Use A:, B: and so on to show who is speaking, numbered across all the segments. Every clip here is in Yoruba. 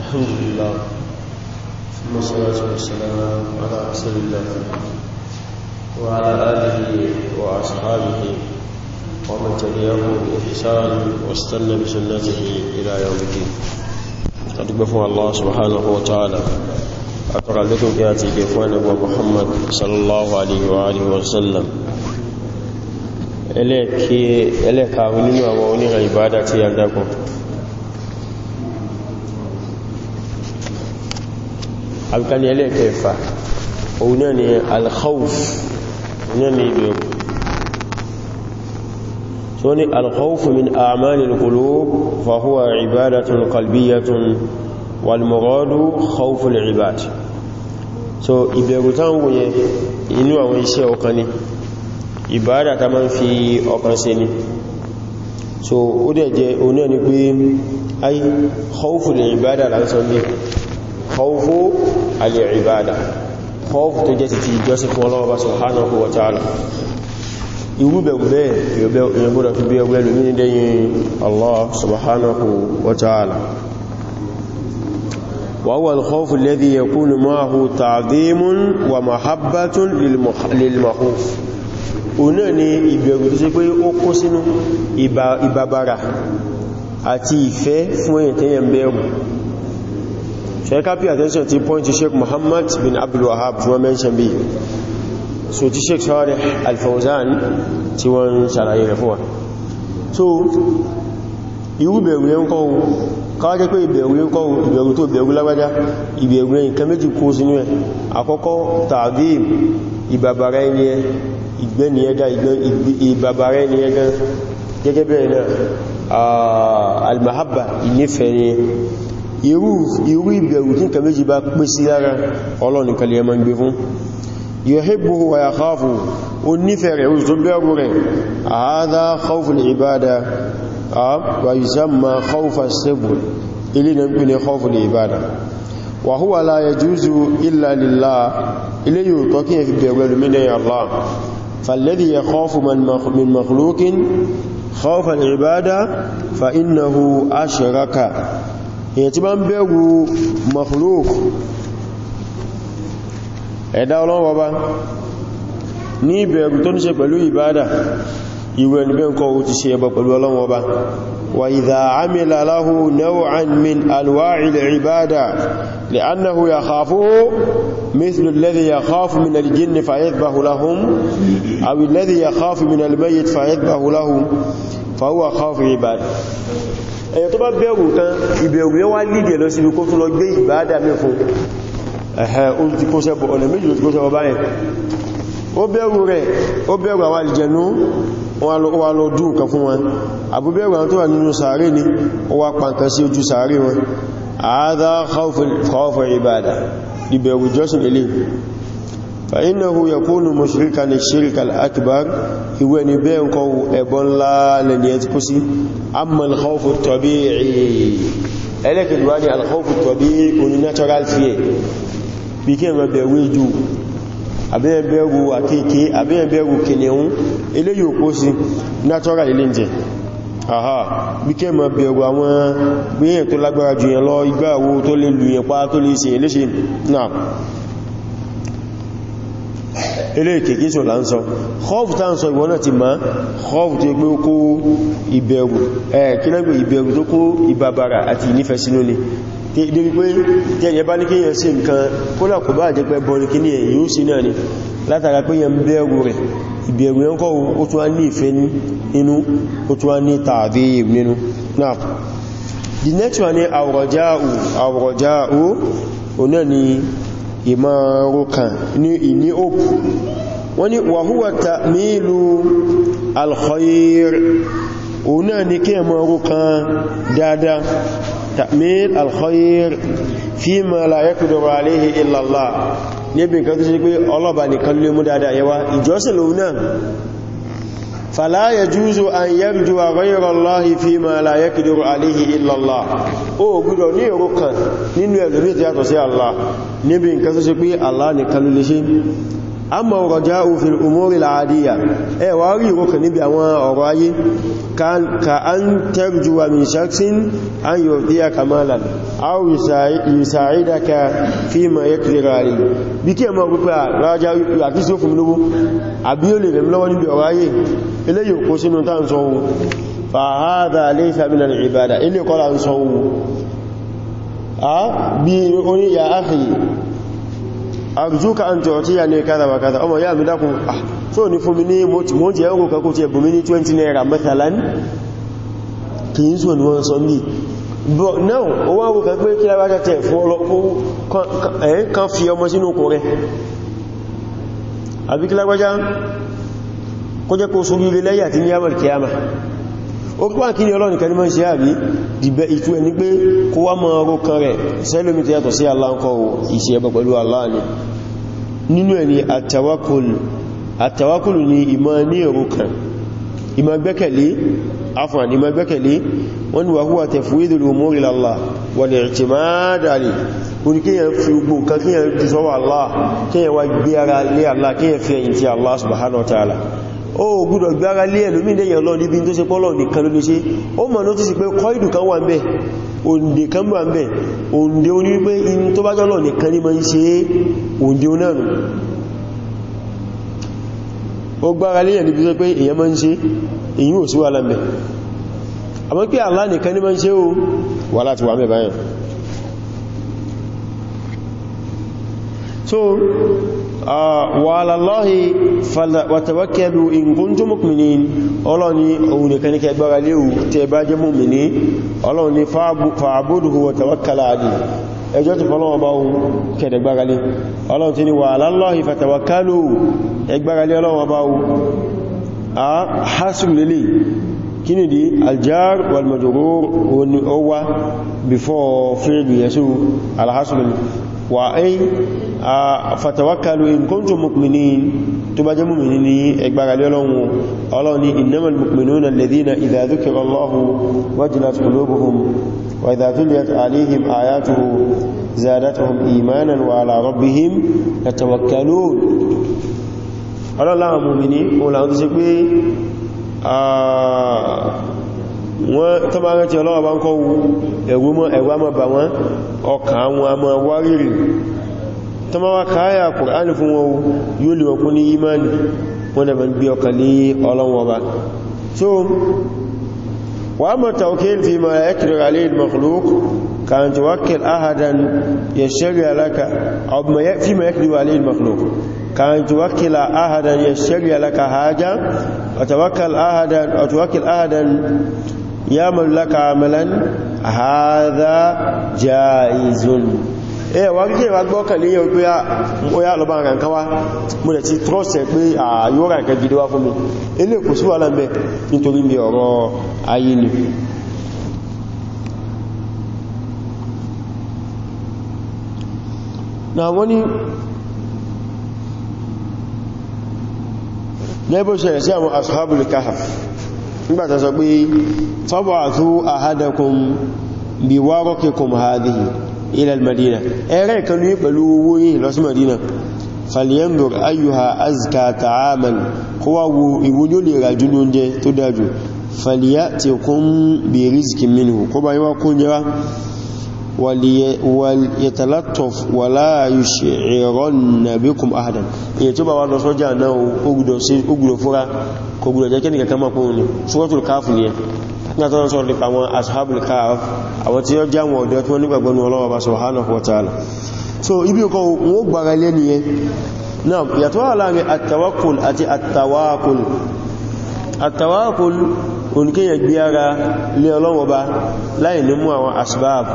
A: الحمد لله ثم الصلاة والسلام على رسول الله وعلى آله وأصحابه ومن تبعهم بإحسان واستنى بسنته إلى يوم الدين أدب فو الله سبحانه وتعالى أقرأ لكم كاتي كفوان أبو محمد صلى الله عليه وآله وسلم إليك إليك أولين وأولين عبادتي عندكم àbíkání ẹlẹ́ẹ̀kẹfà òun náà ni alkhawf náà ni ìbẹ̀rù tí wọ́n ni alkhawf min a'mali al-qulub fa huwa ibadatun qalbiyatun wal muradu khawf al-ibad so ìbẹ̀rù tán wòye inú àwọn iṣẹ́ ọkàn ni ìbádà ta máa ń fi ọkàn ṣe ni so ó dẹ̀ jẹ́ òun náà ni pé ay khawf ibada lásán bẹ́ẹ̀ khawfu al-ibada khawfu tó jẹ́ ti ìjọsìn fún Ọlọ́run subhanahu wa ta'ala irú bẹ̀rù bẹ́ẹ̀ èyàn gbọ́dọ̀ fi bí ẹgbẹ́ lómi ní dẹ́yìn Allah subhanahu wa ta'ala wa huwa al-khawfu alladhi yakunu ma'ahu ta'dhimun wa mahabbatun lil-makhuf ọ̀nà ni ìbẹ̀rù tó ṣe pé ó kó sínú ìbàbàrà àti ìfẹ́ fún èyàn tẹ́yàn bẹ̀rù ṣe ká pay attention ti point sheik muhammad bin abdul wahab tí wọ́n mention bí so ti sheik Salih Al Fawzan tí wọ́n ṣàlàyé rẹ̀ fún wa so irú bẹ̀rù yẹn kọ́ ohun káwà jẹ́ pé ìbẹ̀rù yẹn kọ́ ohun ìbẹ̀rù tó bẹ̀rù lágbájá ìbẹ̀rù yẹn nǹkan méjì kó sínú ẹ̀ àkọ́kọ́ tàbí irú ìbẹ̀rù tí nǹkan méjì bá pé sí lára ọlọ́run kan lè ẹmọ gbé fún yuhibbuhu wa yakhafu ó nífẹ̀ẹ́ rẹ̀ ó bẹ̀rù rẹ̀ hadha khawful ibada wa yusamma khawfa sabr ilé na ń pè ní khawful ibada wa huwa la yajuzu illa lillah ilé من مخلوق خوف العبادة فإنه أشركا èyàn tí bá ń bẹ̀rù makhluk ẹ̀dá ọlọ́wọ́ bá ní ìbẹ̀rù tó ní ṣe pẹ̀lú ìbádà ìwé ẹnibẹ̀ ń kọ́ o ti ṣe ẹbọ pẹ̀lú ọlọ́wọ́ bá wa idha amila lahu naw'an min anwa'il ibada مثل الذي يخاف من الجن فيذبح لهم أو الذي يخاف من الميت فيذبح له فهو خاف عباد ẹ̀yàn tó bá bẹ̀rù tán ìbẹ̀rù yẹn wá lídẹ̀ lọ sí ibi kó tún lọ gbé ìbáadà mẹ́ fún ẹ̀hẹ́ o ti kó sẹ́bọ̀ ọ̀nà méjì ló ti kó sẹ́bọ̀ báyẹn ó bẹ̀rù rẹ̀ ó bẹ̀rù àwọn àlìjẹ̀nú wà lọ dùn nǹkan fún wọn àbúbẹ̀rù àwọn tó wà nínú sàárè ni ó wá pa nǹkan sí ojú sàárè wọn àádá khawfu ìbáadà ìbẹ̀rù jọ́sìn eléyìí فإنه يكون مشركا الشرك الأكبر هو نبين كو أبن لا لن يتكسي أما الخوف الطبيعي ẹlẹ́kẹ̀ ìlú wá ní alkhawfu tabi'i oní natural fear bí kí ẹmọ bẹ̀rù ejò àbẹ́yẹn bẹ̀rù àkíkí àbẹ́yẹn bẹ̀rù kìnìún eléyìí òpó sí natural ilé jẹ àhá bí kí ẹmọ bẹ̀rù àwọn gbíyàn tó lágbára jù yẹn lọ igbáwó tó lè lù yẹn pa tó lè ṣe eléṣe náà eléèkè kí sọ láńsọ khọ́fù tán sọ ìwọ náà ti máa khọ́fù tó gbé kó ìbẹ̀rù ẹ̀kílẹ́gbẹ̀ ìbẹ̀rù tó kó ìbàbàrà àti ìnífẹ̀ẹ́ ni débi pé tẹ́yẹ bá ní kí yẹn sí nǹkan kólà kò bá jẹ́ pé ni látara pé yẹn bẹ̀rù rẹ̀ ìbẹ̀rù yẹn kọ́ ó tún á ní ìfẹ́ nínú ó tún á ní tààdé ìmọ̀rọ̀kan ní ìní òpù wọ́n ni wàhúwà ta mílù alkhoir òun náà ni kí ẹmọ̀rọ̀kan dáadáa ta mílù alkhoir fi ma la yaqdiru alayhi níbi nǹkan tó ṣe pé ọlọ́bà nìkan lè mú dáadáa yẹwa ìjọsìn lòun náà فلا يجوز أن يرجو غير الله فيما لا يقدر عليه إلا الله ó gbọ́dọ̀ ní èrò kan nínú ẹlòmí tí yàtọ̀ sí Allah níbi nǹkan tó ṣe pé Allah nìkan lè ṣe amma raja'u fil umuri al-'adiyya ẹ wá rí ìrọ́kà níbi àwọn ọ̀rọ̀ ayé ka an tarjuwa min shakhsin an yu'tiya kamalan aw yusa'idaka fi ma yakdirari bí kí ẹmọ pípẹ́ rájá àti sí ó fún lówó àbí ó lè rẹ̀ lọ́wọ́ níbi ọ̀rọ̀ ayé eléyìí kó sínú tá ń sọ ohun fàhádà laysa min al ilé kọ́lá ń sọ arzuka an tu'tiya ni kada wa kada ọmọ ya mi dákun ah so ni fún mi ní mo ti mo je euro kan ko ti ẹ̀bùn mi ní 20 naira mathalan kin so ni wọ́n sọ mi but now o wa pé kila ba te fún lo ko eh kan fi ọmọ sínú kila gbaja ko je ko so ya ti ó pọ́ àkíní ọlọ́run kan ní mọ́ ṣe àbí dìbẹ̀ ìtú ẹni pé kó wá mọ́ ọrọ̀ kan rẹ̀ sẹ́lómi tó yàtọ̀ sí Allah ńkọ́ ìṣẹ́ ẹbọ pẹ̀lú Allah ni nínú ẹni àtàwákùlù àtàwákùlù ni ìmọ̀ ní èrò kan ìmọ̀ gbẹ́kẹ̀lé afwan ìmọ̀ gbẹ́kẹ̀lé wọ́n ni wàhúwà tafwidhu al-umuri ila Allah wal-i'timad alayhi oníkíyàn fi gbogbo nǹkan kíyàn jù sọ́wọ́ Allah kíyàn wá gbé ara lé Allah kíyàn fi ẹ̀yìn tí Allah subhanahu wa ta'ala ó gbọ́dọ̀ gbára lé ẹlòmí lẹ́yìn Ọlọ́run níbi tó ṣe pọ́lọ̀ nìkan ló lè ṣe ó mọ̀ ní ó ti sì pé kọ́ìdù kan wà ń bẹ̀ òǹdè kan wà ń bẹ̀ òǹdè oní wípé in tó bá jọ́lọ̀ nìkan ní ma ń ṣe òǹdè onáàrùn ó gbára lé ẹ̀lú pé èyàn ma ń ṣe èyí ò sí so wàhálàlọ́hì wàtàwákẹ́lù ìgbónjú mọ́kùnrin ọlọ́ni òun nìkan ní kẹgbára léwu tẹ bá jẹ́ mọ́mìnì ọlọ́ni fa'abudu wàtàwákàlà àdì ẹjọ́ ti fọ́lọ́wọ́ bá ohun kẹ̀dẹ̀gbára lé ọlọ́run ti ni wàhálàlọ́hì fàtàwákàlù ẹgbára lé wa ai fatawakalu in kuntum mu'minin tó bá jẹ́ mu'mini ní ẹgbàralẹ́ ọlọ́run ọlọ́run ni innamal mu'minuna alladhina idha dhukira Allahu wajilat qulubuhum wa idha tuliyat alayhim ayatuhu zadatuhum imanan wa ala rabbihim yatawakkalun ọlọ́láwọn àwọn amọ̀ wárìrì tọ́mọ́ wá káyà kùránì fún wọn yóò lè wọ́kún ní imani wọ́n na gbé ọkà ní ọlọ́wọ́ ba so wà mọ̀ tàwkíl fi ma yẹ́kìrì alẹ́ makhluk ka n ti wákìl ahadan ya ṣẹ́rì alaka fi ma yẹ́kìrì alẹ́ makhluk ka n ti wákìl ahadan ya ṣẹ́rì alaka hajja wàtàwákìl ahadan ya mallaka amalan hadha jaizun ẹwà eh, rí ẹwà gbọ́kànlé yẹ pé ọya lọ bá ń rànkán wá mo lẹ̀ ti trust ekpe pé àyíwọ́ rànkán gidi wá fún mi ilé kò sí wàhálà mẹ́ nítorí mi ọ̀rọ̀ ayé ni na wọ́n ni lẹ́bọ̀ ṣẹlẹ̀ sí àwọn ashabul kahf nígbàtà sọ pé tọ́bọ̀ àtú ahadakum bí wárọ́kẹ́kùn ila al-madina ẹ̀rẹ́ kan ní pẹ̀lú owó yìí lọ sí madina falyandur ayyuha azka ta'aman kọwa wo ìwò ní ó lè ràjú ní oúnjẹ tó dájú faliya ti kún bí rizki minhu kọ bá yíwá kún jẹ́wá wàlìyàtàlátọ̀f wàlá yushiranna bikum ahadan èyí tó bá wá lọ sọ́jà náà ó fúra kò gbọ́dọ̀ jẹ́ kẹ́ látọ́nà sọ nípa àwọn ashabul kahf àwọn tí ó já wọn ọ̀dọ́ tí wọ́n nígbàgbọ́ ní Ọlọ́run Ọba subhanahu wa ta'ala so ibi kan wọ́n gbára lé ní ẹ náà yàtọ̀ aláàrin àtàwákùl àti àtàwákùl àtàwákùl oníkẹ́yẹ̀ gbé ara lé Ọlọ́run Ọba láì ní asbab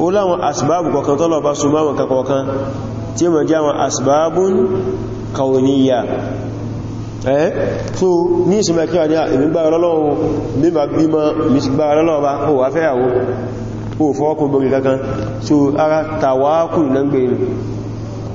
A: ó láwọn asbab kọ̀kan tọ́lọ̀ bá súnmọ́ àwọn kọ̀kan tí ó mọ̀ asbabun kauniyya ẹ́ so ní ìsinmi kí wọ́n ní ìgbàgbà lọ́lọ́run mímọ̀ bímọ̀ ìgbàgbà lọ́lọ́run bá o wà fẹ́yàwó o fọ́ọ̀kùn gbogbo kankan so ara tàwákù ìlàngbé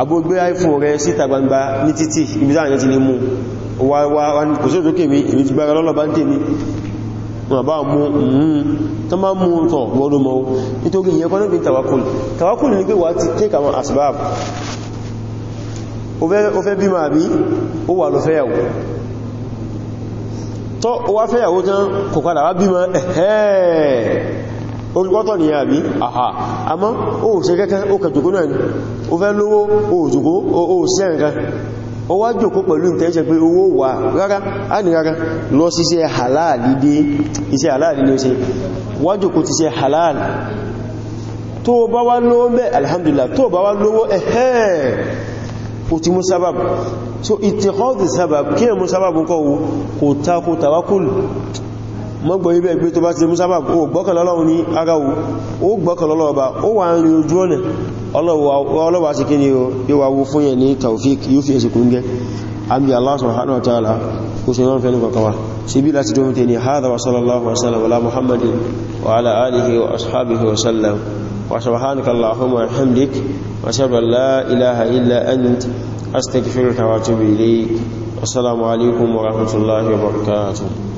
A: agbógbé iphone rẹ síta gbangba ní títì ibi táwọn ti lè mú kò sí òtókè mi ìbí gbára lọ́lọ́ bá ń tèmi wọn bá mú mún tó máa mú tọ̀ wọ́n ló mọ́ nítorí ìyẹ́kọ́ ní pé tàwákùn tàwákùn ní pé wà ti take àwọn asbab ó fẹ́ bímọ o ó wà lọ fẹ́yàwó tó ó wá fẹ́yàwó gan kò padà wá bímọ ẹ̀ẹ́ orúkọ́tọ̀ ni àbí àhà àmọ́ ó ṣe kẹ́kẹ́ ó kẹjùkú náà ni ó fẹ́ lówó ó jùkú ó sí ẹ̀nkan ó wá jòkó pẹ̀lú ìtẹ́ṣẹ́ pé owó wà rárá á ní rárá lọ sí iṣẹ́ halali dé iṣẹ́ halali ní ṣe wá jòkó ti ṣe halali tó bá wá lówó alhamdulillah tó bá wá lówó ó ti mú sábàbù so ìtìkọ́dì sábàbù kí ẹ mú sábàbù kọ́ wo kò takò tàwákùl mọ́gbọ̀ ibẹ̀ pé tó bá ti mú sábàbù ó gbọ́kànlọ́lọ́wọ́ ní ara o ó gbọ́kànlọ́lọ́ọba o wà ń rin ojú ọ̀nà ọlọ́wà sí kí ni yóò wà wo fún yẹn ní tawfik yóò fi Allah subhanahu wa ta'ala kò sí wọ́n fẹ́ ní kọ̀kọ̀wà sí bí láti dómi wa sallallahu muhammadin wa ala alihi wa ashabihi wa وسبحانك اللهم وبحمدك واشهد ان لا اله الا انت استغفرك واتوب اليك والسلام عليكم ورحمه الله وبركاته